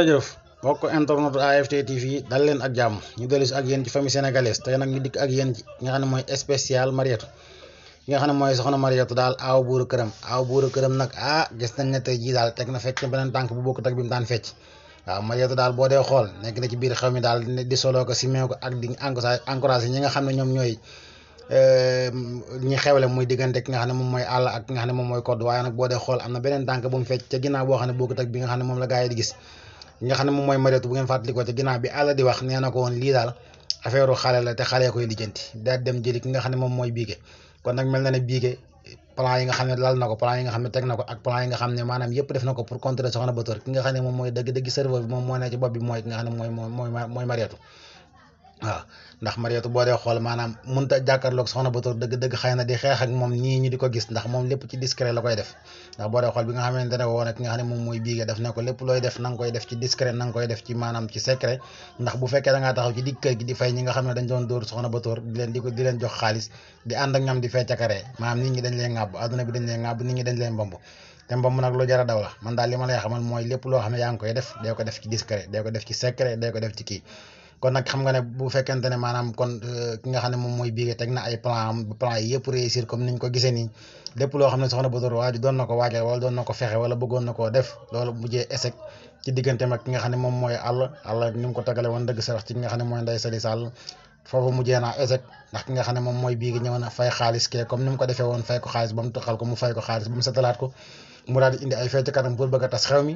jërëjëf mbokk internet AFT TV dal leen ak jàmm ñu dellu si ak yéen ci famille sénégalaise te nag ñu dikk ak yéen ci nga xam ne mooy spécial Mariétou ki nga xam ne mooy soxna Mariétou daal aaw buuru këram aaw buuru këram nag ah gis nañ ne tey ji daal teg na fecc beneen tànk bu bokk tak bi mu daan fecc waaw Mariétou daal boo dee xool nekk na ci biir xew mi daal di soloo ko simee ko ak di encouragé ñi nga xam ne ñoom ñooy ñi xewle muy diggante ki ne moom mooy ne moom mooy am na beneen tànk bu mu ki nga xam ne moom mooy Mariatu bu ngeen fàttalikoo te ginnaaw bi àll di wax nee na ko woon lii daal affaire xale la te xale koy lijjanti daal dem jëli ki nga xam ne moom mooy biige kon nag mel na ne biige plan yi nga xam ne lal na ko plan yi nga xam ne teg na ko ak plan yi nga xam ne maanaam yëpp def na ko pour contrer soxna Batoor ki nga xam ne moom mooy dëgg dëgg serveur bi moom moo ne ci bopp bi mooy ki nga xam ne mooy mooy mooy Mariatu waaw ndax Mariétu boo dee xool maanaam mënta jàkkaarloog soxna Batoor dëgg-dëgg xëy na di xeex moom ñii ñu di ko gis ndax moom lépp ci discret la koy def ndax boo dee xool bi nga woo nag ki nga xam ne moom lépp looy def na koy def ci discret na nga koy def ci maanaam ci secret ndax bu fekkee di fay ñi nga xam ne dañ doon dóor soxna Batoor di leen di ko di leen jox xaalis di ànd ak ñoom ñi dañ leen ŋàbb adduna bi dañ leen ŋàbb nit ñi dañ leen bomb te mbomb nag lu jara daw man daal li xamal mooy lépp loo xam ne yaa ngi koy def dee ko def ci discret dee ko def ci secret dee ko def ci kii kon nag xam nga ne bu fekkente ne maanaam kon euh, ki nga xam ne moom mooy Biége teg na ay plan am plan yi yëpp réussir comme niñ ko gisee nii lépp loo xam ne soxna Bator waaju doon na ko waajal wala doon na ko fexe wala bëggoon na koo def loolu mujjee échec ci digganteem ak ki nga xam ne moom moy àll àll ni mu ko tagale woon dëgg sa wax ci ki nga xam ne mooy Ndeye Sali Sall foofu mujjee naa échec ndax ki nga xam ne moom mooy bii gi ñëw na fay xaalis kee comme ni mu ko defee woon fay ko xaalis ba mu toxal ko mu fay ko ko mu indi ay fecc katam pour a tas xew mi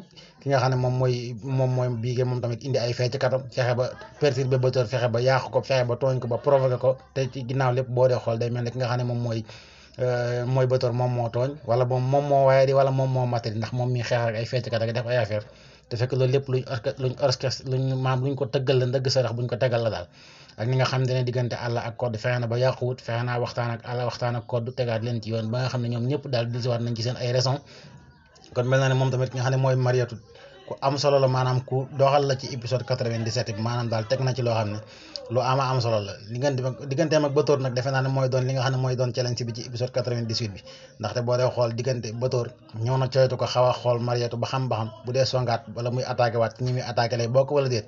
xam ne moom mooy moom bii gi tamit indi ay fecc katam fexe ba perturbé ba tóor fexe ba yàqu ko fexe ba tooñ ko ba provoqué ko te ci ginnaaw lépp boo dee xool day mel ne ki nga xam ne moom mooy euh, mooy bëtoor moom moo tooñ wala moom moom moo waaye di wala moom moo matari ndax moom mi xeex ak ay fecckat ak def ay affaire te fekk loolu lépp luñ luñ orchestre luñ maam luñ ko tëggal la ndëgg sarax buñ ko tegal la daal ak ni nga xam ne diggante àlla ak kodd fexe na ba yàquwut fexe naa waxtaan ak àlla waxtaan tegaat leen ci yoon ba nga xam ne ñoom ñëpp daal disiwaat nañ ci seen ay raison kon mel na ne moom tamit ki nga xam ne mooy mariatu ku am solo la maanaam ku doxal la ci épisode 97 bi maanaam daal teg na ci loo ne lu ama am diggante digganteem ak nag defe naa mooy doon li nga xam ne mooy doon challenge bi ci xool diggante Bator ñëw na coytu ko xaw a xool Mariétu ba xam ba bu dee songaat wala muy attaqué waat ñi muy attaqué lay bokk wala déet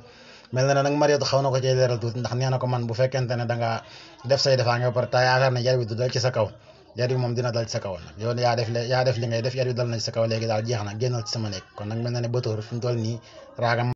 mel ne nag Mariétu xaw na ko cay leeral tuuti ndax nee ko man bu fekkente ne da def say defaa nga taa yaakaar ne jar du dal ci sa kaw yar bi moom dina dal ci sa kaw nag yow yaa def yaa def li ngay def yar bi dal na ci sa kaw léegi daal jeex na génnal ci sama nekk kon nag mel na ne bëtóor fi mu toll nii raagam